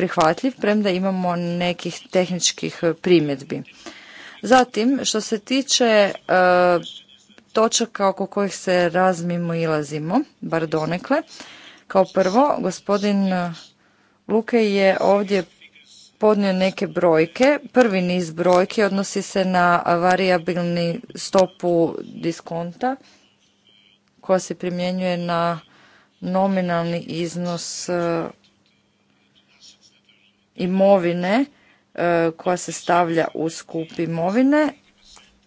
prihvatljiv, premda imamo nekih tehničkih primjedbi. Zatim, što se tiče e, točaka oko kojih se razmimo i lazimo, bar donekle, kao prvo, gospodin Luke je ovdje podnio neke brojke. Prvi niz brojke odnosi se na variabilni stopu diskonta koja se primjenjuje na nominalni iznos e, imovine e, koja se stavlja u skup imovine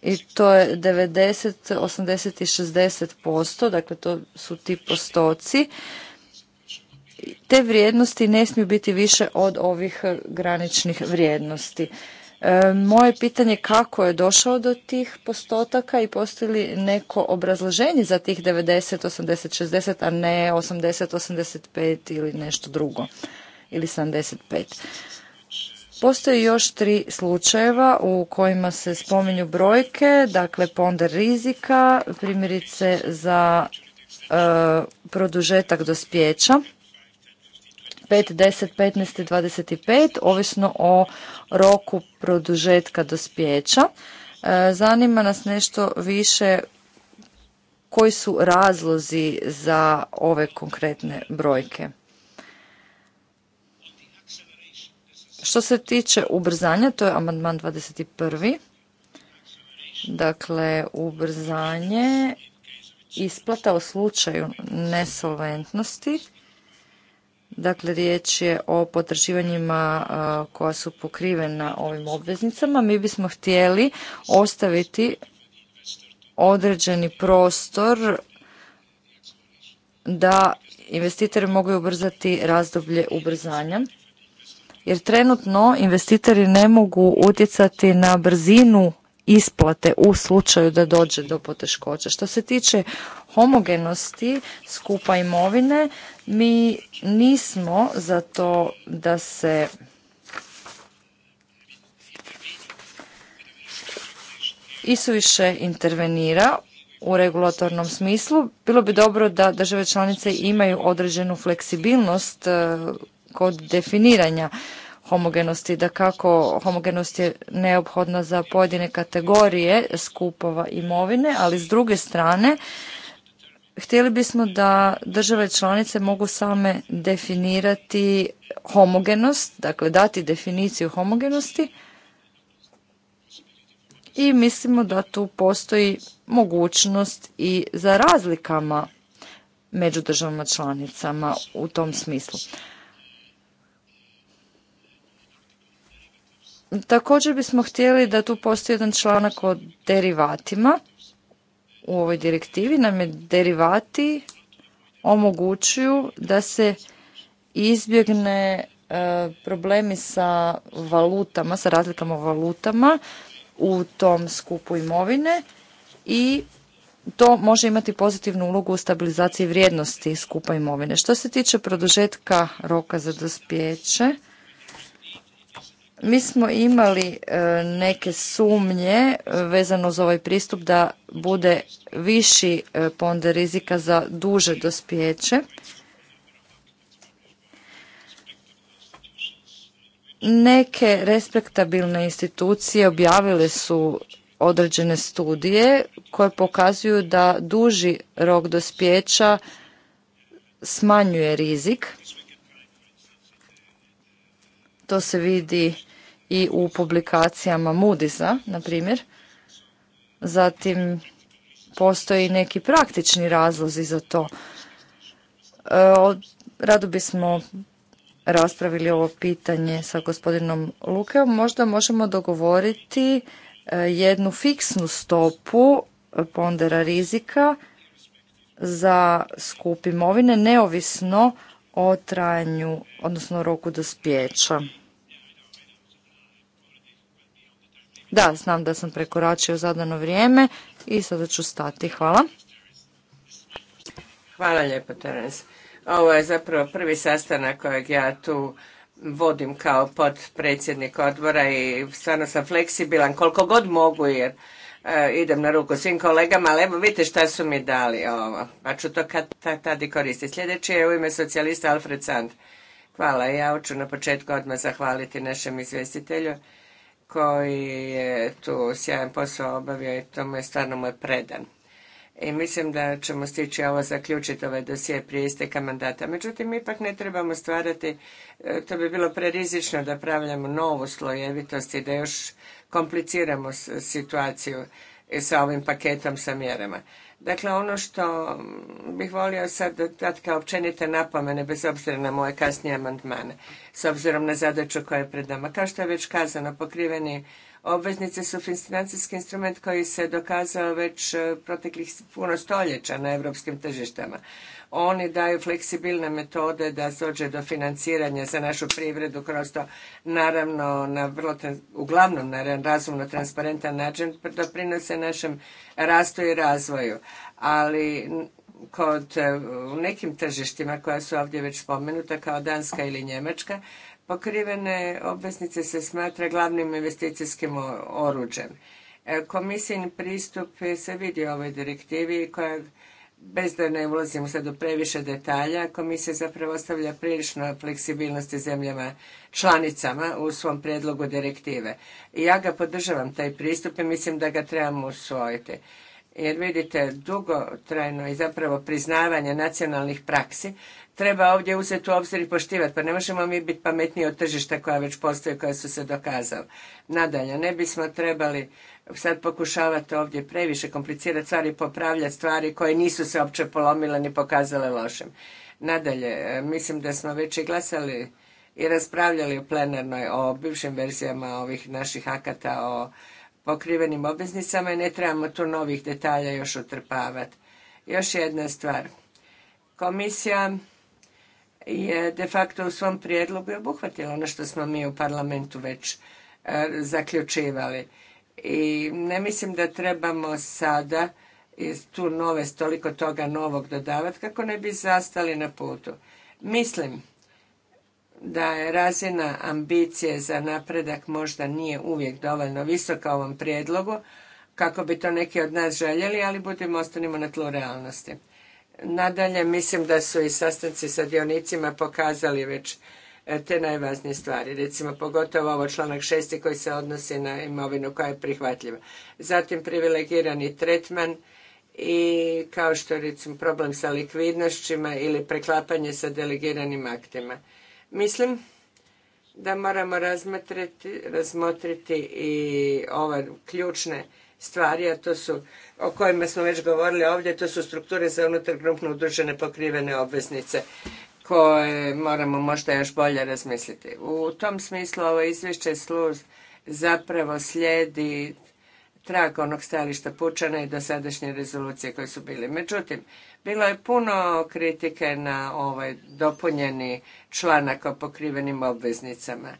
i to je 90, 80 i 60%, dakle to su ti postoci. Te vrijednosti ne smiju biti više od ovih graničnih vrijednosti. E, moje pitanje je kako je došao do tih postotaka i postoji li neko obrazloženje za tih 90, 80, 60, a ne 80, 85 ili nešto drugo ili 75. Postoji još tri slučajeva u kojima se spominju brojke, dakle ponder rizika, primjerice za e, produžetak dospjeća 5, 10, 15 i 25, ovisno o roku produžetka dospjeća. E, zanima nas nešto više koji su razlozi za ove konkretne brojke. Što se tiče ubrzanja, to je amandman 21. Dakle, ubrzanje isplata u slučaju nesolventnosti. Dakle, riječ je o potraživanjima koja su pokrivena ovim obveznicama. Mi bismo htjeli ostaviti određeni prostor da investitori mogu ubrzati razdoblje ubrzanja jer trenutno investitori ne mogu utjecati na brzinu isplate u slučaju da dođe do poteškoća. Što se tiče homogenosti skupa imovine, mi nismo za to da se isuviše intervenira u regulatornom smislu. Bilo bi dobro da države članice imaju određenu fleksibilnost e, kod definiranja homogenosti, da kako homogenost je neophodna za pojedine kategorije skupova imovine, ali s druge strane htjeli bismo da države članice mogu same definirati homogenost, dakle dati definiciju homogenosti i mislimo da tu postoji mogućnost i za razlikama među državama članicama u tom smislu. Također bismo htjeli da tu postoji jedan članak o derivatima. U ovoj direktivi nam je derivati omogućuju da se izbjegne e, problemi sa valutama, sa razlikama valutama u tom skupu imovine i to može imati pozitivnu ulogu u stabilizaciji vrijednosti skupa imovine. Što se tiče produžetka roka za dospijeće, mi smo imali e, neke sumnje e, vezano za ovaj pristup da bude viši e, ponder rizika za duže dospijeće. Neke respektabilne institucije objavile su određene studije koje pokazuju da duži rok dospijeća smanjuje rizik. To se vidi i u publikacijama Moody'sa, na primjer. Zatim, postoji neki praktični razlozi za to. E, rado bismo raspravili ovo pitanje sa gospodinom Lukeom. Možda možemo dogovoriti e, jednu fiksnu stopu pondera rizika za skup imovine neovisno o trajanju, odnosno roku dospjeća. Da, znam da sam prekoračio zadano vrijeme i sada ću stati. Hvala. Hvala lijepo, Terence. Ovo je zapravo prvi sastanak kojeg ja tu vodim kao podpredsjednik odbora i stvarno sam fleksibilan koliko god mogu jer eh, idem na ruku svim kolegama, ali evo vidite šta su mi dali ovo, pa ću to kad tad i koristiti. Sljedeći je u ime socijalista Alfred Sand. Hvala, ja hoću na početku odmah zahvaliti našem izvjestitelju koji je tu sjajan posao obavio i tomu je stvarno je predan. I mislim da ćemo stići ovo zaključiti ovaj dosije prije isteka mandata. Međutim, ipak ne trebamo stvarati, e, to bi bilo prerizično da pravljamo novu slojevitost i da još kompliciramo situaciju sa ovim paketom sa mjerama. Dakle, ono što bih volio sad dati kao općenite napomene, bez obzira na moje kasnije amandmane, s obzirom na zadaću koja je pred nama. Kao što je već kazano, pokriveni obveznice su financijski instrument koji se dokazao već e, proteklih puno stoljeća na europskim tržištama. Oni daju fleksibilne metode da dođe do financiranja za našu privredu kroz to naravno na vrlo, uglavnom na razumno transparentan način doprinose našem rastu i razvoju. Ali kod e, u nekim tržištima koja su ovdje već spomenuta kao Danska ili Njemačka pokrivene obveznice se smatra glavnim investicijskim oruđem. E, Komisijni pristup se vidi u ovoj direktivi koja bez da ne ulazimo sad u previše detalja, komisija zapravo ostavlja prilično fleksibilnosti zemljama članicama u svom predlogu direktive. ja ga podržavam, taj pristup, i mislim da ga trebamo usvojiti. Jer vidite, dugotrajno i zapravo priznavanje nacionalnih praksi treba ovdje uzeti u obzir i poštivati. Pa ne možemo mi biti pametniji od tržišta koja već postoje, koja su se dokazala. Nadalje, ne bismo trebali sad pokušavati ovdje previše komplicirati stvari, popravljati stvari koje nisu se uopće polomile ni pokazale lošim. Nadalje, e, mislim da smo već i glasali i raspravljali u plenarnoj o bivšim verzijama ovih naših akata o pokrivenim obveznicama i ne trebamo tu novih detalja još utrpavati. Još jedna stvar. Komisija je de facto u svom prijedlogu obuhvatila ono što smo mi u parlamentu već e, zaključivali. I ne mislim da trebamo sada tu nove, toliko toga novog dodavati kako ne bi zastali na putu. Mislim da je razina ambicije za napredak možda nije uvijek dovoljno visoka u ovom prijedlogu, kako bi to neki od nas željeli, ali budimo ostanimo na tlu realnosti. Nadalje, mislim da su i sastanci sa dionicima pokazali već e, te najvažnije stvari. Recimo, pogotovo ovo članak 6. koji se odnosi na imovinu koja je prihvatljiva. Zatim, privilegirani tretman i kao što recimo problem sa likvidnošćima ili preklapanje sa delegiranim aktima. Mislim da moramo razmotriti i ove ključne stvari, a to su, o kojima smo već govorili ovdje, to su strukture za unutar grupno udružene pokrivene obveznice koje moramo možda još bolje razmisliti. U tom smislu ovo izvješće sluz zapravo slijedi trag onog stajališta Pučana i dosadašnje rezolucije koje su bili. Međutim, bilo je puno kritike na ovaj dopunjeni članak o pokrivenim obveznicama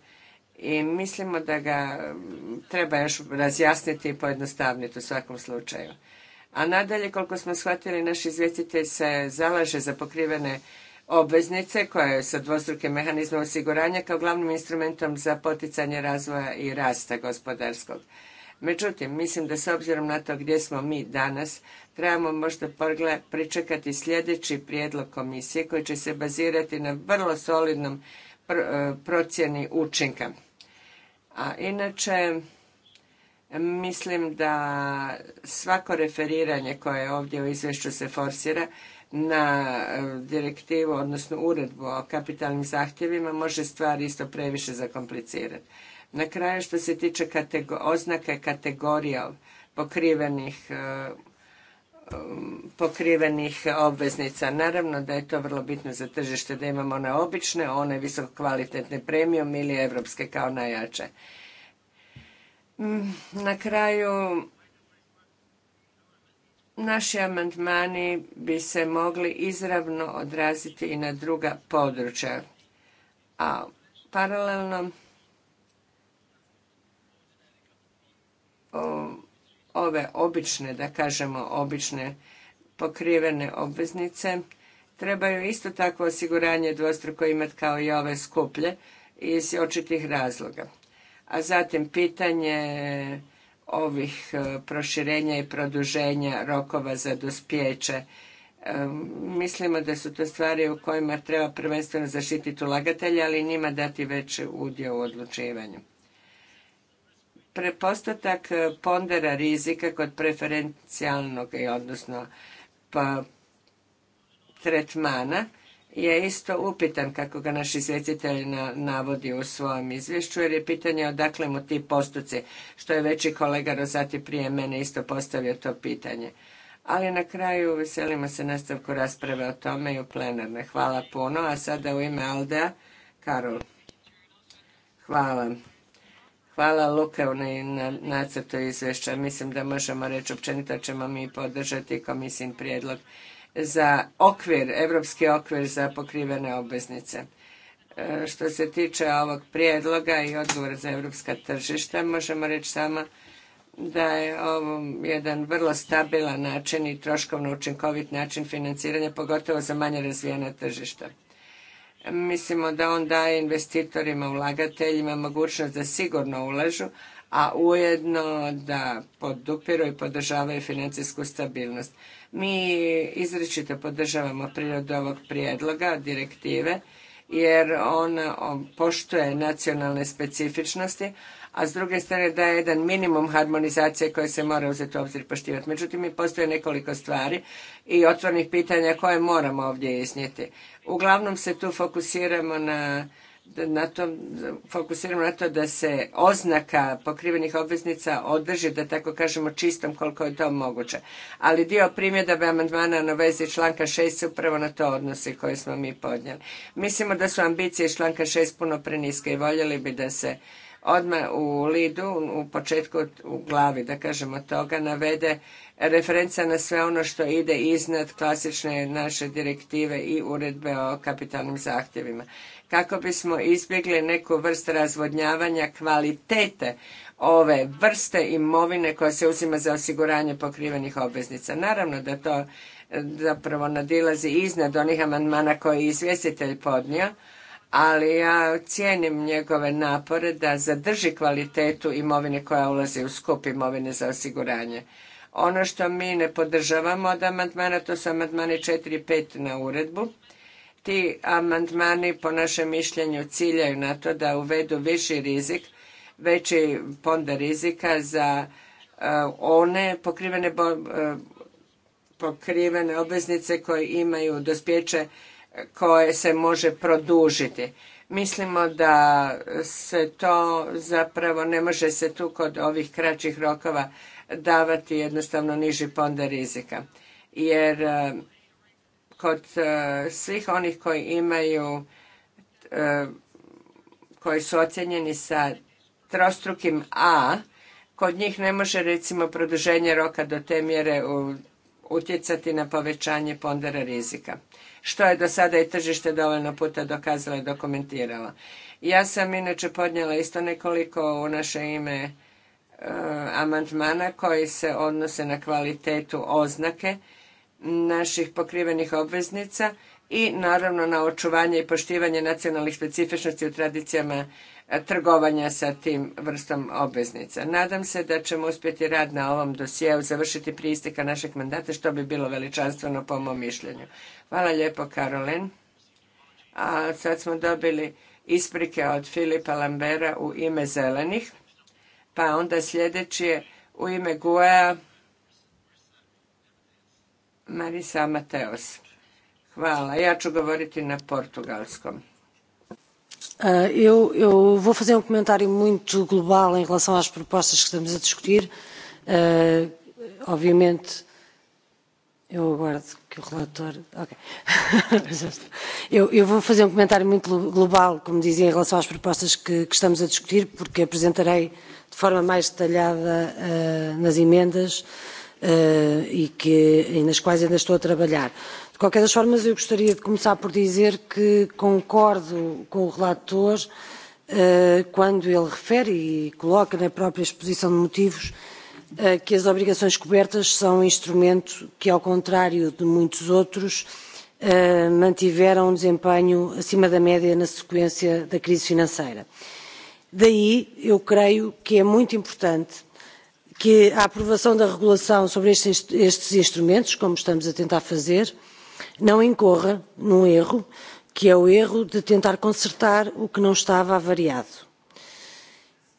i mislimo da ga mm, treba još razjasniti i pojednostavniti u svakom slučaju. A nadalje, koliko smo shvatili, naš izvjestitelj se zalaže za pokrivene obveznice koje sa dvostrukim mehanizmom osiguranja kao glavnim instrumentom za poticanje razvoja i rasta gospodarskog. Međutim, mislim da s obzirom na to gdje smo mi danas, trebamo možda pričekati sljedeći prijedlog komisije koji će se bazirati na vrlo solidnom E, procjeni učinka. A inače, mislim da svako referiranje koje ovdje u izvješću se forsira na e, direktivu, odnosno uredbu o kapitalnim zahtjevima, može stvari isto previše zakomplicirati. Na kraju što se tiče kategor oznake kategorija pokrivenih e, pokrivenih obveznica. Naravno da je to vrlo bitno za tržište da imamo one obične, one visoko kvalitetne premium ili evropske kao najjače. Mm, na kraju naši amandmani bi se mogli izravno odraziti i na druga područja. A paralelno ove obične, da kažemo obične pokrivene obveznice, trebaju isto tako osiguranje dvostruko imati kao i ove skuplje iz očitih razloga. A zatim pitanje ovih e, proširenja i produženja rokova za dospijeće. E, mislimo da su to stvari u kojima treba prvenstveno zaštititi ulagatelja, ali njima dati veći udjel u odlučivanju prepostatak e, pondera rizika kod preferencijalnog, odnosno pa, tretmana, je isto upitan kako ga naš izvjestitelj navodi u svojem izvješću jer je pitanje odakle mu ti postoci, što je veći kolega Rozati prije mene isto postavio to pitanje. Ali na kraju veselimo se nastavku rasprave o tome i u plenarne. Hvala puno, a sada u ime Aldea Karol. Hvala. Hvala Luke na nacrtu izvješća. Mislim da možemo reći općenito ćemo mi podržati komisijin prijedlog za okvir, evropski okvir za pokrivene obveznice. E, što se tiče ovog prijedloga i odgovora za evropska tržišta, možemo reći samo da je ovo jedan vrlo stabilan način i troškovno učinkovit način financiranja, pogotovo za manje razvijena tržišta mislimo da on daje investitorima, ulagateljima mogućnost da sigurno ulažu, a ujedno da podupiraju i podržavaju financijsku stabilnost. Mi izričito podržavamo prirodu ovog prijedloga, direktive, jer on poštuje nacionalne specifičnosti, a s druge strane da je jedan minimum harmonizacije koje se mora uzeti u obzir poštivati. Međutim, postoje nekoliko stvari i otvornih pitanja koje moramo ovdje iznijeti. Uglavnom se tu fokusiramo na to, fokusiramo na to da se oznaka pokrivenih obveznica održi, da tako kažemo, čistom koliko je to moguće. Ali dio primjedaba amandmana na vezi članka 6 se upravo na to odnosi koje smo mi podnijeli. Mislimo da su ambicije članka 6 puno preniske i voljeli bi da se odmah u lidu, u početku u glavi, da kažemo toga, navede referenca na sve ono što ide iznad klasične naše direktive i uredbe o kapitalnim zahtjevima. Kako bismo izbjegli neku vrstu razvodnjavanja kvalitete ove vrste imovine koja se uzima za osiguranje pokrivenih obveznica. Naravno da to e, zapravo nadilazi iznad onih amandmana koje je izvjestitelj podnio, ali ja cijenim njegove napore da zadrži kvalitetu imovine koja ulazi u skup imovine za osiguranje. Ono što mi ne podržavamo od amandmana, to su amandmani 4 i 5 na uredbu. Ti amandmani po našem mišljenju ciljaju na to da uvedu viši rizik, veći ponda rizika za e, one pokrivene, e, pokrivene obveznice koje imaju dospjeće koje se može produžiti. Mislimo da se to zapravo ne može se tu kod ovih kraćih rokova davati jednostavno niži ponder rizika. Jer e, kod e, svih onih koji imaju e, koji su ocjenjeni sa trostrukim A, kod njih ne može recimo produženje roka do te mjere utjecati na povećanje pondera rizika što je do sada i tržište dovoljno puta dokazalo i dokumentirala. Ja sam inače podnijela isto nekoliko u naše ime amantmana eh, amandmana koji se odnose na kvalitetu oznake naših pokrivenih obveznica i naravno na očuvanje i poštivanje nacionalnih specifičnosti u tradicijama e, trgovanja sa tim vrstom obveznica. Nadam se da ćemo uspjeti rad na ovom dosjeu završiti prije isteka našeg mandata, što bi bilo veličanstveno po mom mišljenju. Hvala lijepo, Karolin. A sad smo dobili isprike od Filipa Lambera u ime zelenih. Pa onda sljedeći je u ime Guaja Marisa Mateos. Hvala. Ja ću govoriti na portugalskom. Eh, eu, eu vou fazer um comentário muito global em relação às propostas que estamos a discutir. Uh, obviamente, eu aguardo que o relator. Ok. eu, eu vou fazer um comentário muito global, como dizia, em relação às propostas que, que estamos a discutir, porque apresentarei de forma mais detalhada uh, nas emendas. Uh, e, que, e nas quais ainda estou a trabalhar. De qualquer das formas, eu gostaria de começar por dizer que concordo com o relator eh, quando ele refere e coloca na própria exposição de motivos eh, que as obrigações cobertas são um instrumento que, ao contrário de muitos outros, eh, mantiveram um desempenho acima da média na sequência da crise financeira. Daí, eu creio que é muito importante que a aprovação da regulação sobre estes, instrumentos, como estamos a tentar fazer, não incorra num erro, que é o erro de tentar consertar o que não estava avariado.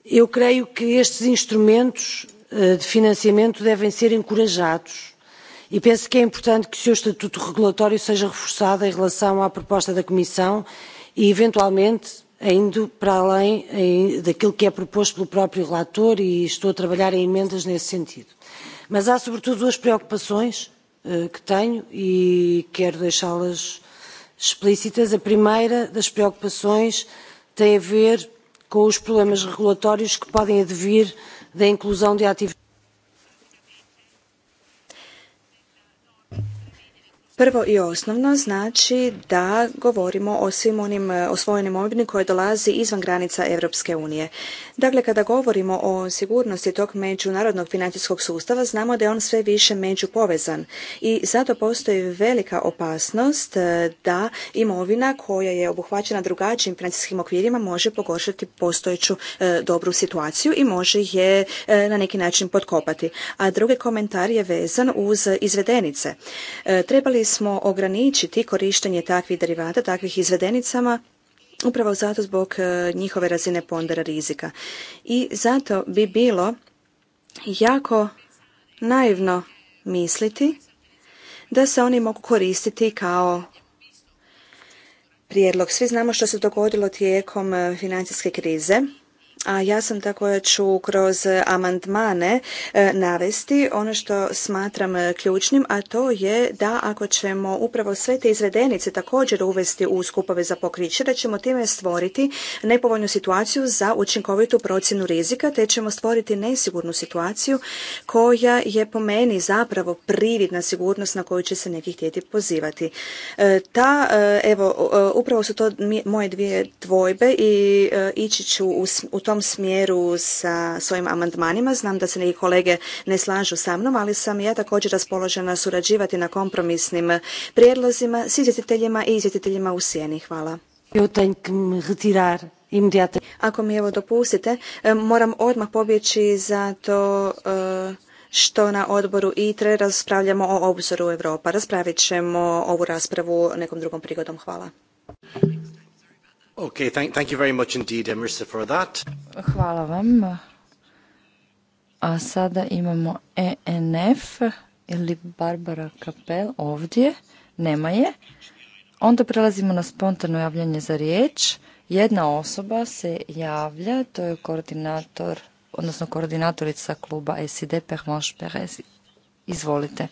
Eu creio que estes instrumentos eh, de financiamento devem ser encorajados e penso que é importante que o seu estatuto regulatório seja reforçado em relação à proposta da Comissão e, eventualmente, Eh, indo para além eh, daquilo que é proposto pelo próprio relator e estou a trabalhar em emendas nesse sentido. Mas há sobretudo duas preocupações eh, que tenho e quero deixá-las explícitas. A primeira das preocupações tem a ver com os problemas regulatórios que podem advir da inclusão de ativos Prvo i osnovno znači da govorimo o svim onim e, osvojenim imovini koje dolazi izvan granica Europske unije. Dakle, kada govorimo o sigurnosti tog međunarodnog financijskog sustava, znamo da je on sve više međupovezan i zato postoji velika opasnost e, da imovina koja je obuhvaćena drugačijim financijskim okvirima može pogoršati postojeću e, dobru situaciju i može je na neki način potkopati. A drugi komentar je vezan uz izvedenice. E, trebali smo ograničiti korištenje takvih derivata, takvih izvedenicama, upravo zato zbog e, njihove razine pondera rizika. I zato bi bilo jako naivno misliti da se oni mogu koristiti kao prijedlog. Svi znamo što se dogodilo tijekom e, financijske krize a ja sam tako koja ću kroz amandmane e, navesti ono što smatram e, ključnim, a to je da ako ćemo upravo sve te izvedenice također uvesti u skupove za pokriće, da ćemo time stvoriti nepovoljnu situaciju za učinkovitu procjenu rizika, te ćemo stvoriti nesigurnu situaciju koja je po meni zapravo prividna sigurnost na koju će se neki htjeti pozivati. E, ta, evo, upravo su to moje dvije dvojbe i ići ću u tom tom smjeru sa svojim amandmanima. Znam da se neki kolege ne slažu sa mnom, ali sam ja također raspoložena surađivati na kompromisnim prijedlozima s izvjetiteljima i izvjetiteljima u sjeni. Hvala. Ako mi evo dopustite, e, moram odmah pobjeći to e, što na odboru ITRE raspravljamo o obzoru Europa. Raspravit ćemo ovu raspravu nekom drugom prigodom. Hvala. Okay, Hvala vam. A sada imamo ENF ili Barbara Kapel ovdje. Nema je. Onda prelazimo na spontano javljanje za riječ. Jedna osoba se javlja, to je koordinator, odnosno koordinatorica kluba SID Permanche Perez. Izvolite.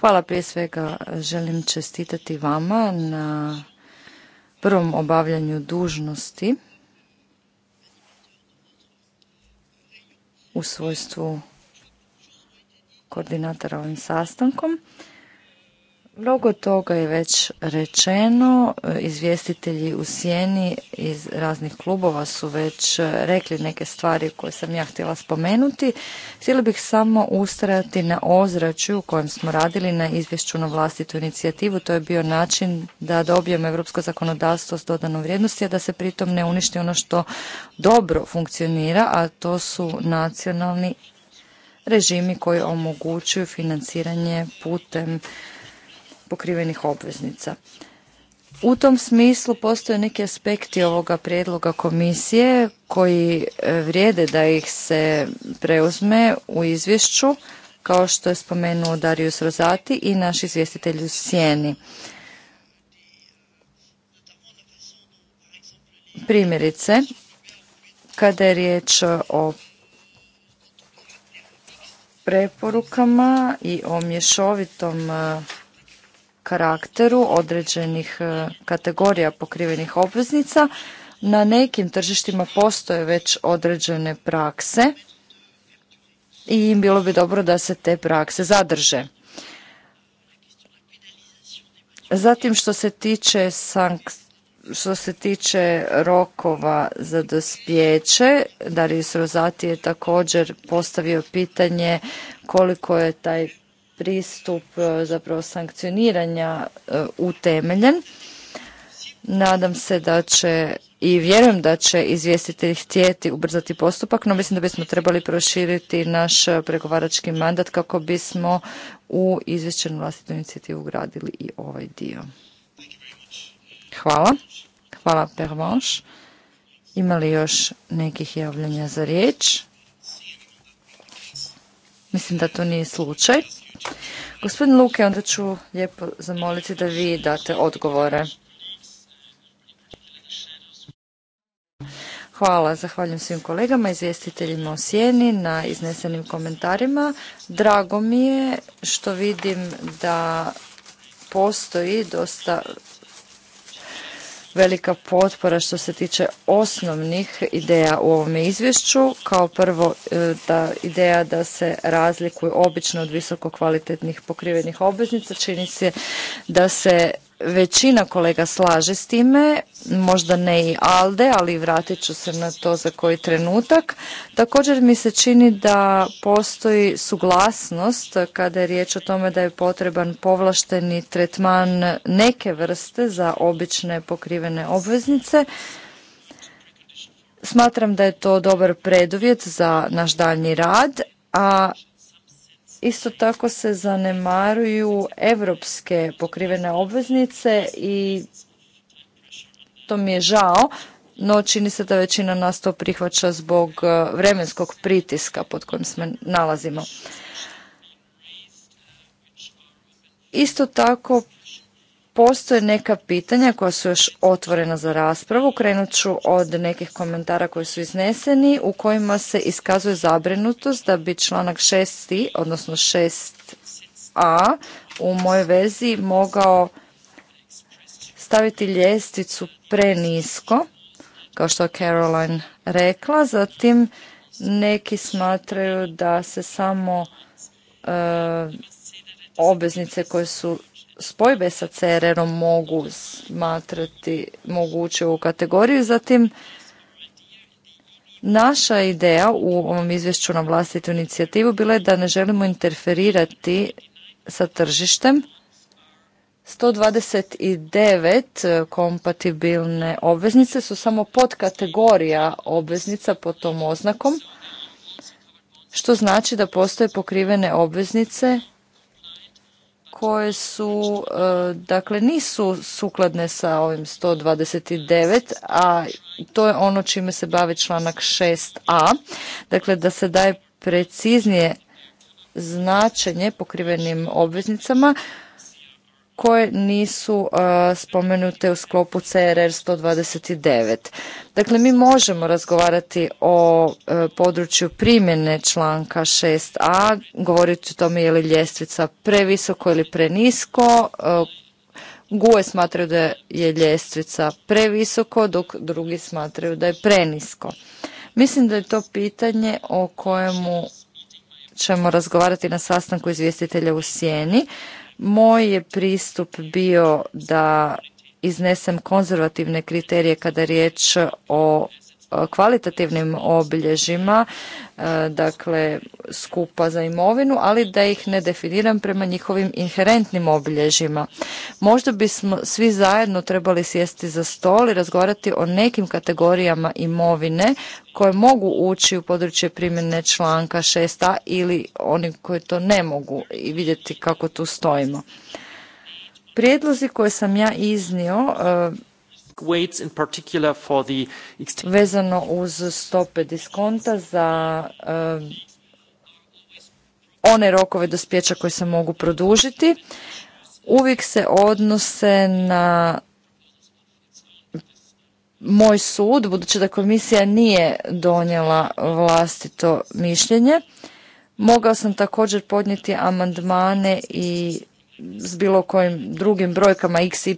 Hvala prije svega, želim čestitati vama na prvom obavljanju dužnosti u svojstvu koordinatora ovim sastankom. Mnogo toga je već rečeno, izvjestitelji u sjeni iz raznih klubova su već e, rekli neke stvari koje sam ja htjela spomenuti. Htjela bih samo ustrajati na ozračju u kojem smo radili na izvješću na vlastitu inicijativu. To je bio način da dobijemo europsko zakonodavstvo s dodanom vrijednosti, a da se pritom ne uništi ono što dobro funkcionira, a to su nacionalni režimi koji omogućuju financiranje putem pokrivenih obveznica. U tom smislu postoje neki aspekti ovoga prijedloga komisije koji e, vrijede da ih se preuzme u izvješću, kao što je spomenuo Darius Rozati i naš izvjestitelj u Sjeni. Primjerice, kada je riječ o preporukama i o mješovitom e, karakteru određenih e, kategorija pokrivenih obveznica. Na nekim tržištima postoje već određene prakse i bilo bi dobro da se te prakse zadrže. Zatim što se tiče sankcija, što se tiče rokova za dospjeće, Darius Rozati je također postavio pitanje koliko je taj pristup e, zapravo sankcioniranja e, utemeljen. Nadam se da će i vjerujem da će izvjestitelj htjeti ubrzati postupak, no mislim da bismo trebali proširiti naš pregovarački mandat kako bismo u izvješćenu vlastitu inicijativu ugradili i ovaj dio. Hvala. Hvala Pervanš. Ima li još nekih javljanja za riječ? Mislim da to nije slučaj. Gospodin Luke, onda ću lijepo zamoliti da vi date odgovore. Hvala, zahvaljujem svim kolegama, izvjestiteljima o sjeni na iznesenim komentarima. Drago mi je što vidim da postoji dosta velika potpora što se tiče osnovnih ideja u ovome izvješću. Kao prvo e, ta ideja da se razlikuju obično od visoko kvalitetnih pokrivenih obveznica čini se da se većina kolega slaže s time, možda ne i Alde, ali vratit ću se na to za koji trenutak. Također mi se čini da postoji suglasnost kada je riječ o tome da je potreban povlašteni tretman neke vrste za obične pokrivene obveznice. Smatram da je to dobar preduvjet za naš daljnji rad, a Isto tako se zanemaruju europske pokrivene obveznice i to mi je žao, no čini se da većina nas to prihvaća zbog e, vremenskog pritiska pod kojim se nalazimo. Isto tako postoje neka pitanja koja su još otvorena za raspravu. Krenut ću od nekih komentara koji su izneseni u kojima se iskazuje zabrinutost da bi članak 6, odnosno 6a u mojoj verziji mogao staviti ljestvicu prenisko, kao što je Caroline rekla. Zatim neki smatraju da se samo obeznice obveznice koje su spojbe sa CRR-om mogu smatrati moguće u kategoriju. Zatim, naša ideja u ovom izvješću na vlastitu inicijativu bila je da ne želimo interferirati sa tržištem. 129 kompatibilne obveznice su samo podkategorija obveznica pod tom oznakom, što znači da postoje pokrivene obveznice koje su, e, dakle, nisu sukladne sa ovim 129, a to je ono čime se bavi članak 6a, dakle, da se daje preciznije značenje pokrivenim obveznicama koje nisu uh, spomenute u sklopu CRR 129. Dakle, mi možemo razgovarati o uh, području primjene članka 6a, govoriti o tome je li ljestvica previsoko ili prenisko, uh, GUE smatraju da je ljestvica previsoko, dok drugi smatraju da je prenisko. Mislim da je to pitanje o kojemu ćemo razgovarati na sastanku izvjestitelja u Sjeni. Moj je pristup bio da iznesem konzervativne kriterije kada je riječ o E, kvalitativnim obilježjima, e, dakle skupa za imovinu, ali da ih ne definiram prema njihovim inherentnim obilježjima. Možda bismo svi zajedno trebali sjesti za stol i razgovarati o nekim kategorijama imovine koje mogu ući u područje primjene članka 6a ili oni koji to ne mogu i vidjeti kako tu stojimo. Prijedlozi koje sam ja iznio e, Vezano uz stope diskonta za eh, one rokove dospjeća koji se mogu produžiti, uvijek se odnose na moj sud, budući da komisija nije donijela vlastito mišljenje. Mogao sam također podnijeti amandmane i s bilo kojim drugim brojkama x, y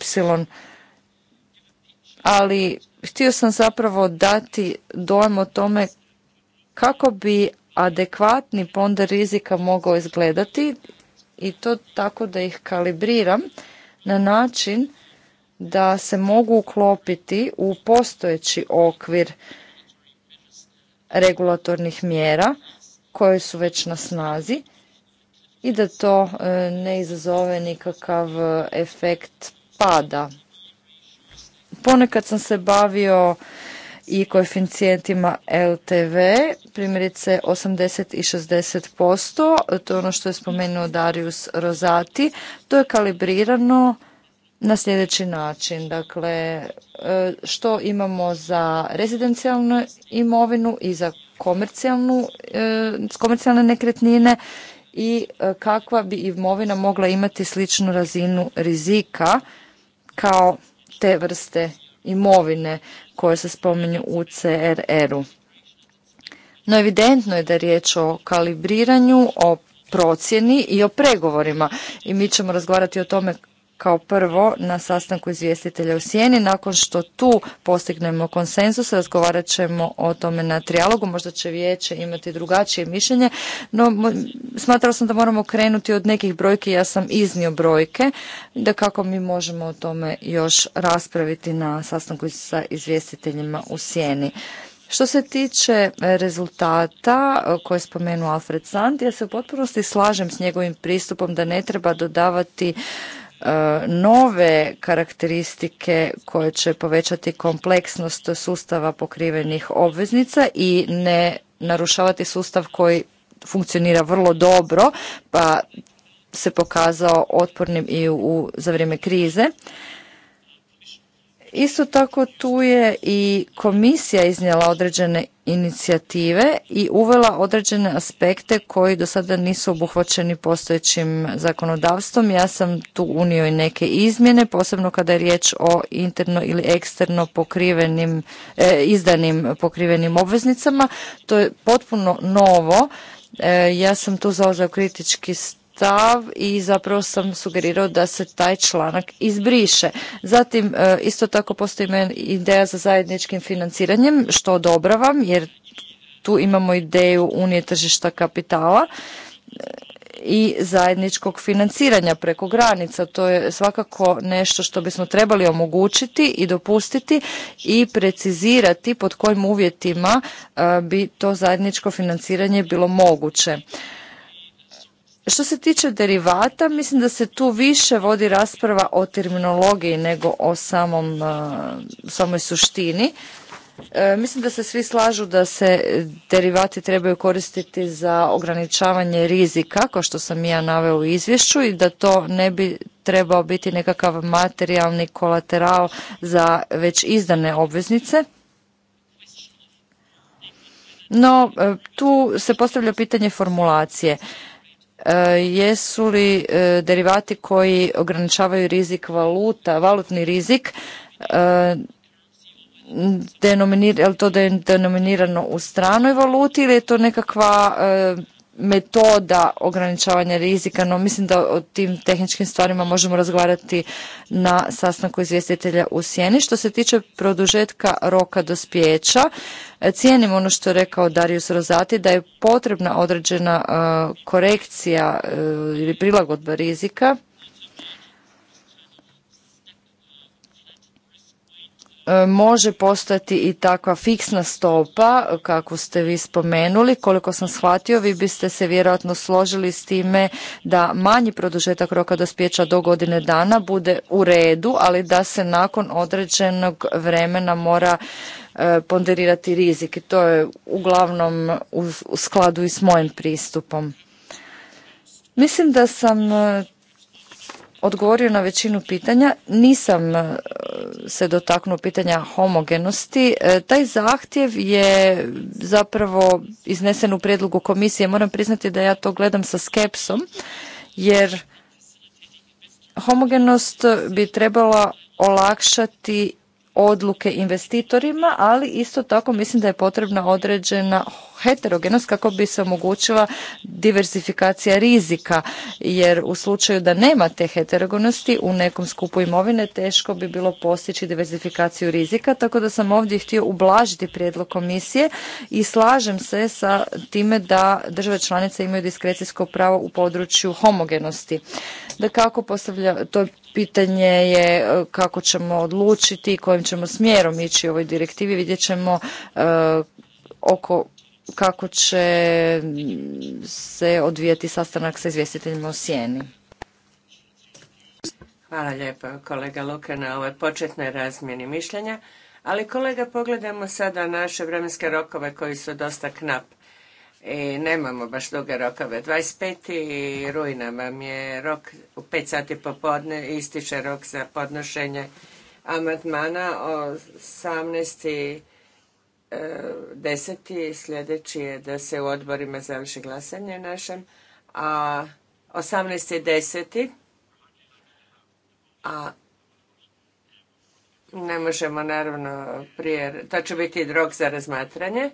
ali htio sam zapravo dati dojam o tome kako bi adekvatni ponder rizika mogao izgledati i to tako da ih kalibriram na način da se mogu uklopiti u postojeći okvir regulatornih mjera koje su već na snazi i da to e, ne izazove nikakav e, efekt pada ponekad sam se bavio i koeficijentima LTV, primjerice 80 i 60%, to je ono što je spomenuo Darius Rozati, to je kalibrirano na sljedeći način. Dakle, e, što imamo za rezidencijalnu imovinu i za komercijalnu, e, komercijalne nekretnine i e, kakva bi imovina mogla imati sličnu razinu rizika kao te vrste imovine koje se spominju u CRR-u. No evidentno je da je riječ o kalibriranju, o procjeni i o pregovorima i mi ćemo razgovarati o tome kao prvo na sastanku izvjestitelja u Sjeni. Nakon što tu postignemo konsenzus, razgovarat ćemo o tome na trijalogu. Možda će vijeće imati drugačije mišljenje, no smatrao sam da moramo krenuti od nekih brojke. Ja sam iznio brojke, da kako mi možemo o tome još raspraviti na sastanku sa izvjestiteljima u Sjeni. Što se tiče e, rezultata e, koje je spomenuo Alfred Sand, ja se u potpunosti slažem s njegovim pristupom da ne treba dodavati E, nove karakteristike koje će povećati kompleksnost sustava pokrivenih obveznica i ne narušavati sustav koji funkcionira vrlo dobro pa se pokazao otpornim i u, za vrijeme krize. Isto tako tu je i komisija iznijela određene inicijative i uvela određene aspekte koji do sada nisu obuhvaćeni postojećim zakonodavstvom. Ja sam tu unio i neke izmjene, posebno kada je riječ o interno ili eksterno pokrivenim, e, izdanim pokrivenim obveznicama. To je potpuno novo. E, ja sam tu zauzeo kritički stav i zapravo sam sugerirao da se taj članak izbriše. Zatim, e, isto tako postoji ideja za zajedničkim financiranjem, što odobravam, jer tu imamo ideju unije tržišta kapitala e, i zajedničkog financiranja preko granica. To je svakako nešto što bismo trebali omogućiti i dopustiti i precizirati pod kojim uvjetima e, bi to zajedničko financiranje bilo moguće. Što se tiče derivata, mislim da se tu više vodi rasprava o terminologiji nego o samom, e, samoj suštini. E, mislim da se svi slažu da se derivati trebaju koristiti za ograničavanje rizika, kao što sam ja naveo u izvješću, i da to ne bi trebao biti nekakav materijalni kolateral za već izdane obveznice. No, e, tu se postavlja pitanje formulacije. E, jesu li e, derivati koji ograničavaju rizik valuta, valutni rizik, e, to denominirano u stranoj valuti ili je to nekakva metoda ograničavanja rizika, no mislim da o tim tehničkim stvarima možemo razgovarati na sastanku izvjestitelja u Sjeni. Što se tiče produžetka roka dospijeća, cijenim ono što je rekao Darius Rozati, da je potrebna određena e, korekcija e, ili prilagodba rizika E, može postojati i takva fiksna stopa e, kako ste vi spomenuli. Koliko sam shvatio, vi biste se vjerojatno složili s time da manji produžetak roka dospjeća do godine dana bude u redu, ali da se nakon određenog vremena mora e, ponderirati rizik. I to je uglavnom u skladu i s mojim pristupom. Mislim da sam odgovorio na većinu pitanja. Nisam e, se dotaknuo pitanja homogenosti. E, taj zahtjev je zapravo iznesen u prijedlogu komisije. Moram priznati da ja to gledam sa skepsom, jer homogenost bi trebala olakšati odluke investitorima, ali isto tako mislim da je potrebna određena heterogenost kako bi se omogućila diversifikacija rizika, jer u slučaju da nema te heterogenosti u nekom skupu imovine teško bi bilo postići diversifikaciju rizika, tako da sam ovdje htio ublažiti prijedlog komisije i slažem se sa time da države članice imaju diskrecijsko pravo u području homogenosti. Da kako postavlja, to Pitanje je e, kako ćemo odlučiti i kojim ćemo smjerom ići u ovoj direktivi. Vidjet ćemo e, oko kako će se odvijati sastanak sa izvjestiteljima u Sjeni. Hvala lijepo kolega Luka na ovoj početnoj razmjeni mišljenja. Ali kolega pogledajmo sada naše vremenske rokove koji su dosta knap i e, nemamo baš duge rokove. 25. rujna vam je rok u 5 sati popodne ističe rok za podnošenje amandmana. 18. 10. E, sljedeći je da se u odborima završi glasanje našem, a 18.10. a ne možemo naravno prije, to će biti rok za razmatranje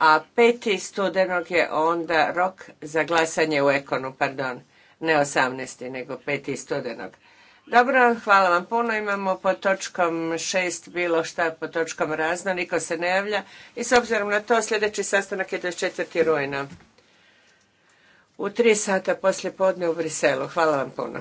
a 5. studenog je onda rok za glasanje u Ekonu, pardon, ne 18. nego 5. studenog. Dobro, hvala vam puno. Imamo po točkom šest bilo šta po točkom razno, niko se ne javlja. I s obzirom na to, sljedeći sastanak je 24. rujna. U tri sata poslje podne u Briselu. Hvala vam puno.